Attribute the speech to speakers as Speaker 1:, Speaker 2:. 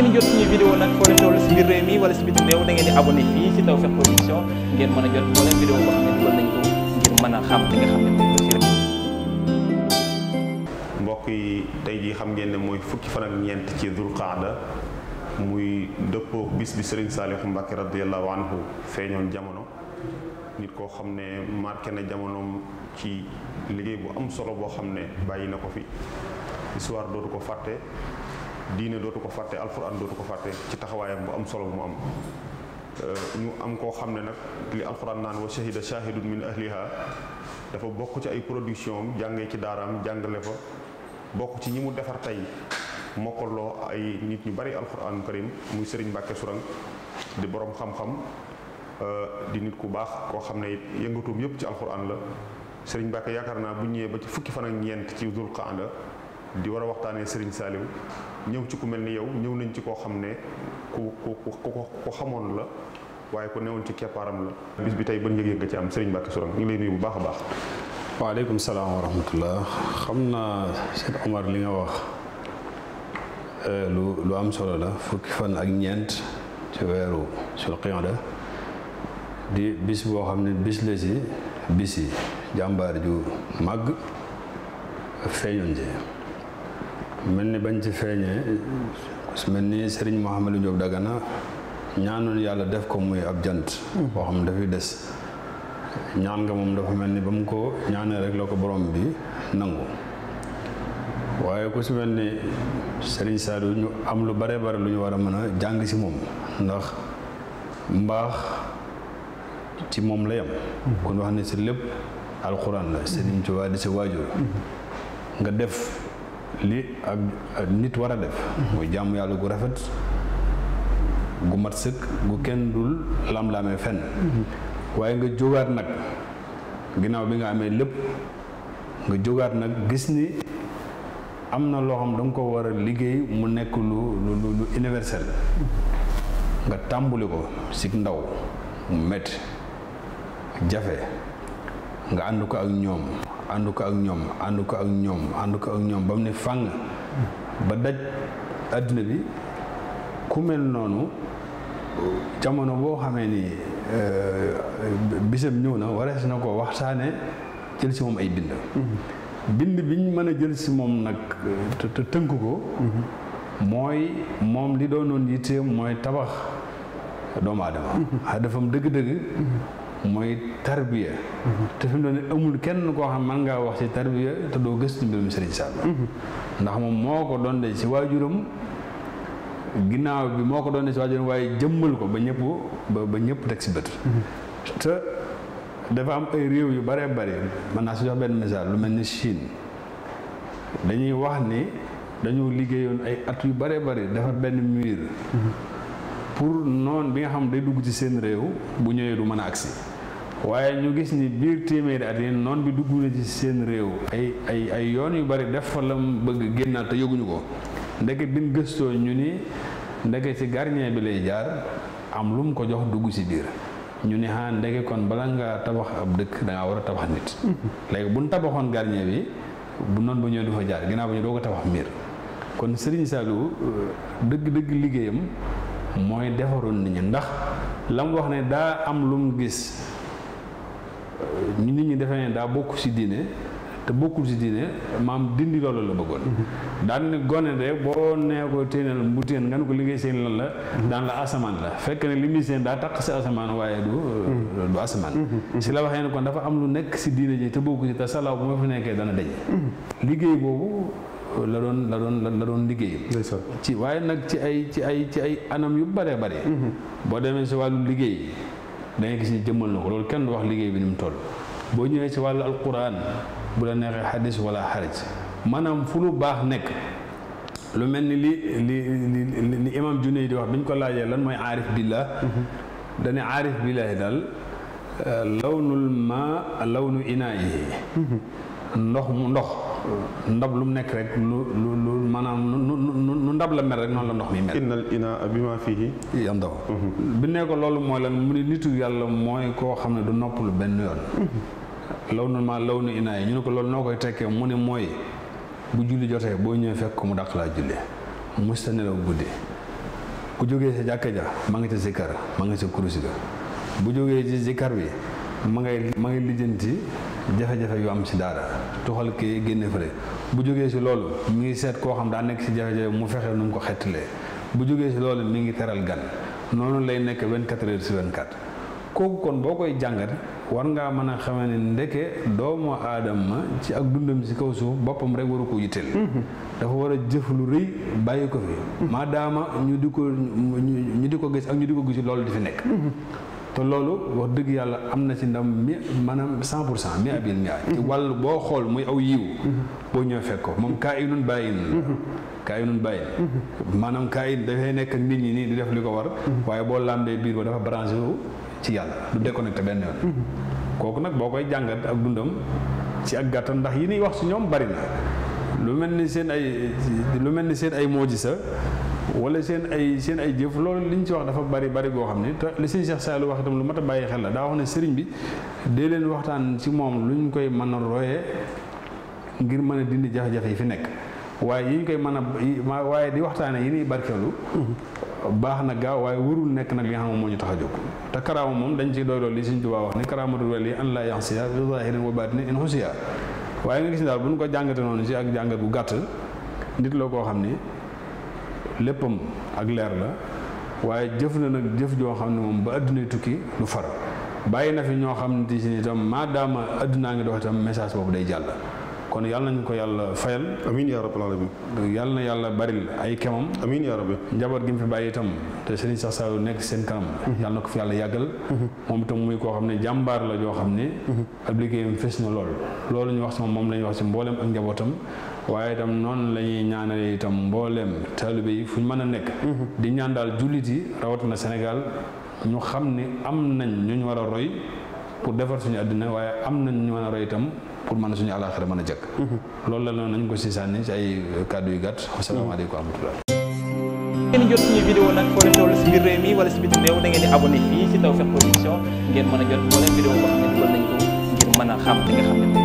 Speaker 1: ngeen jot suñu vidéo nag foo leen toll si biir réew mi wala si biti réew da ngeen di abonné fii si Tawfekh
Speaker 2: Production ngeen mën a jot moo leen vidéo boo xam ne dugal nañ ko ngir mën a xam li nga xam ne moom mbokk yi tey jii xam ngeen ne mooy fukki fan ak ñeent ci dul qaada muy dëppoo bis bi Serigne Saliou Mbacké radiyallahu anhu feeñoon jamono nit koo xam ne marqué na jamonoom ci liggéey bu am solo boo xam ne bàyyi na ko fi histoire dootu ko fàtte diine dootu ko fàtte alxuraan dootu ko fàtte ci taxawaayam bu am solo bu mu am euh, ñu am koo xam ne nag li alxuraan naan wa shahida shahidun min ahliha dafa bokk ci ay production am jàngee ci daaraam jàngale fa bokk ci ñi mu defar tey mokkoloo ay nit ñu bari alxuraanu karim muy sëriñ Mbàkke suran di borom xam-xam euh, di nit ku baax koo xam ne it yëngatuum yëpp ci alxuraan la sëriñ Mbàkke yaakaar naa bu ñëwee ba ci fukki fan ak ñeent ci dul qaada di war a waxtaanee sëriñ Saaliw ñëw ci ku mel ni yow ñëw nañ ci koo xam ne ku ku ku ku xamoon la waaye ku newoon ci keppaaram la. bis bi tey ban yëg-yëg ci am Serigne Mbacké Sourang ñu ngi lay nuyu bu baax a baax. waaleykum salaam wa xam naa Cheikh Omar li nga wax
Speaker 1: euh, lu lu am solo la fukki fan ak ñeent ci weeru sul qiyada di bis boo xam ne bis la si bis yi jàmbaar ju màgg feeñoon ci mel ni bañ ci feeñee su mel ni Serigne Mouhamadou Diop Dagana ñaanoon yàlla def ko muy ab jant boo xam ne dafay des ñaan nga moom dafa mel ni ba mu ko ñaanee rek la ko borom bi nangu waaye ku si mel ni Serigne Saliou ñu am lu bare bare lu ñu war a mën a jàng si moom ndax mbaax ci moom la yem kon wax ne si lépp alxuraan la Serigne Touba di si waajur nga def li ak nit war a def mooy jàmm yàlla gu rafet gu mat sëkk gu kenn dul lam-lamee fenn waaye nga jógaat nag ginnaaw bi nga amee lépp nga jógaat nag gis ni am na loo xam da ko war a liggéey mu nekk lu lu lu universel nga tàmbuli ko si ndaw met jafe nga ànd ko ak ñoom ànd ko ak ñoom ànd ko ak ñoom ànd ko ak ñoom ba mu ne fàng ba daj àddina bi ku mel noonu jamono boo xamee ni eh, bisam ñëw na warees na ko waxtaane jël si moom ay bind mm-hmm. bind biñ mën a jël si moom nag te tënk ko mm-hmm. mooy moom li doonoon yitteem mooy tabax doomu aadama mm-hmm. hadafam dëgg-dëgg mooy tarbiya te fi mu doon amul kenn koo xam mën ngaa wax ci tarbiya te doo gëstu mbirum Serigne Sall ndax moom moo ko doon de ci waajuram ginnaaw bi moo ko doon de ci waajuram waaye jëmmal ko ba ñëpp ba ñëpp teg ci bët te dafa am ay réew yu bare bare mën naa si jox benn misaal lu mel ni Chine dañuy wax ni dañoo liggéeyoon ay at yu bare bare defar benn mur pour noon bi nga xam day dugg ci seen réew bu ñëwee du mën a agsi waaye ñu gis ni biir téeméeri at yi noon bi dugg ci seen réew ay ay ay yoon yu bari def fa la bëgg génnaat te yëguñu ko ndeke bin gëstoo ñu ni ndeke ci gardien bi lay jaar am lu mu ko jox dugg ci biir ñu ne ah ndeke kon bala ngaa tabax ab dëkk da war a tabax nit. léegi bu ñu tabaxoon gardien bi bu noonu ba ñëwee du fa jaar ginnaaw ba ñu doo ko tabax miir kon Serigne Saliou euh, dëgg dëgg liggéeyam. mooy defaroon nit ñi ndax la mu wax ne daa am lu mu gis euh, nit ñi defee ne daa bokk ci diine te bokkul ci diine maam dindi loolu la bëggoon mhm. daan ne gone de boo nee ko téenal mu téen nga ne ko liggéey seen lan la mhm. daan la asamaan la fekk ne li muy seen daa taq ci asamaan waaye du mhm. du asamaan si la waxee ne kon dafa am lu nekk ci diine ji te bokku ci te salaaw bu ma fi nekkee dana deñ liggéey boobu la doon la doon la doon liggéey ci waaye nag ci ay ci ay ci ay anam yu bare bare mm-hmm. boo demee si wàllu liggéey da gis ni jëmmal na ko loolu kenn du wax liggéey bi ni mu toll boo ñëwee si wàllu alquran bu la neexee xadis wala xarit maanaam fu lu baax nekk lu mel ni li li li imam Junayd di wax bi ñu ko laajee lan mooy aarif billah mm-hmm. dane aarif billahi daal lawnul ma lawnu yi ndox mu ndox ndab lu mu nekk rek lu lu lu maanaam nu ndab la mel rek noonu la ndox mi mel. innal inaa mhm. bi maa fiihi yandaw bi nekk loolu mooy la mu ne nitu yàlla mooy koo xam ne du noppalu benn yoon. Mhm. law nu maa law nu inaa yi ñu ne ko loolu noo koy tekkee mu ne mooy bu julli jotee boo ñëwee fekk ko mu daq laa julli mu sa nelaw guddi ku jógee sa jàkk ja ma nga ca zikkar ma nga ca kurusi ba bu jógee ci bi ma ngay ma ngay lijjanti. jafe-jafe yu am si daara toxal kii génne fële bu jógee si loolu mu ngi seet koo xam daa nekk si jafe-jafe mu fexe nu mu ko xettalee bu jógee si loolu mi ngi teral gan noonu lay nekk 24 heures si 24 kooku kon boo koy jàngat war ngaa mën a xamee ne ndekke doomu aadama ci ak dundam si kaw suuf boppam rek waru ko yitteel mhm. dafa war a jëf lu rëy bàyyi ko fi mhm. maadaama ñu di ko ñu di ko gis ak ñu di ko gis loolu di fi nekk mhm. te loolu wax dëgg yàlla am na ci ndam mi maanaam cent pour cent mi abil mi ay ci wàll boo xool muy aw yiw boo ñëw fekk ko moom kaa inun bàyyi nun kaa inun bàyyi maanaam kaa in dafay nekk ak nit ñi nii di def li ko war waaye boo làmbee biir ba dafa branché wu ci yàlla du déconnecté benn yoon kooku nag boo koy jàngat ak dundam ci ak gàttan ndax yi ñuy wax ci ñoom bari na lu mel ni seen ay lu mel ni seen ay mooji sa wala seen ay seen ay jëf loolu li ñu ci wax dafa bari bari goo xam ne te li sëñ Cheikh Saliou wax itam lu mat a bàyyi xel la daa wax ne sëriñ bi dee leen waxtaan ci moom lu ñu koy mën a royee ngir mën a dindi jafe-jafe yi fi nekk waaye yi ñu koy mën a waaye di waxtaanee yi ñuy barkeelu baax na gaaw waaye warul nekk nag li nga xam moo ñu tax a jóg te karaama moom dañ ci doy loolu li sëñ Tuubaa wax ne karaamatul wàll yi an laa yaxsiya bi zahirin wa baatinin in xusiya waaye nga gis ne daal bu ñu ko jàngate noonu ci ak jàngat bu gàtt nit loo koo xam ni léppam ak leer la waaye jëf na nag jëf joo xam ne moom ba addunay tukki du far bàyyi na fi ñoo xam ne si itam maadaama addunaa ngi dox itam message boobu day jàll kon yàlla nañu ko yàlla fayal. amiin yaa rabbal aalamiin. na yàlla baril ay kemam. amiin yaa rabbi. njaboot gi mu fi bàyyi itam te Serigne Cheikh Saliou nekk seen kanam. yàlla na ko fi yàlla yàggal. moom tam muy koo xam ne jàmbaar la joo xam ne. ab liggéeyam fës na lool. loolu ñu wax si moom moom la ñu wax si mboolem ak njabootam. waaye itam noonu la ñuy ñaanale itam mbooleem taalibe yi fu ñu mën a nekk. Mhm. di ñaan daal jullit yi na Sénégal ñu xam ni am nañ ñu ñu war a roy pour defar suñu àddina waaye am nañ ñu mën a roy itam pour mën suñu àllaaxira mën a jëkk. Mhm. lool la noonu nañ ko si sànni ci ay kàddu yu gàtt. asalaamaaleykum wa rahmatulah. ngeen jot suñu vidéo ngeen mën a jot mën a xam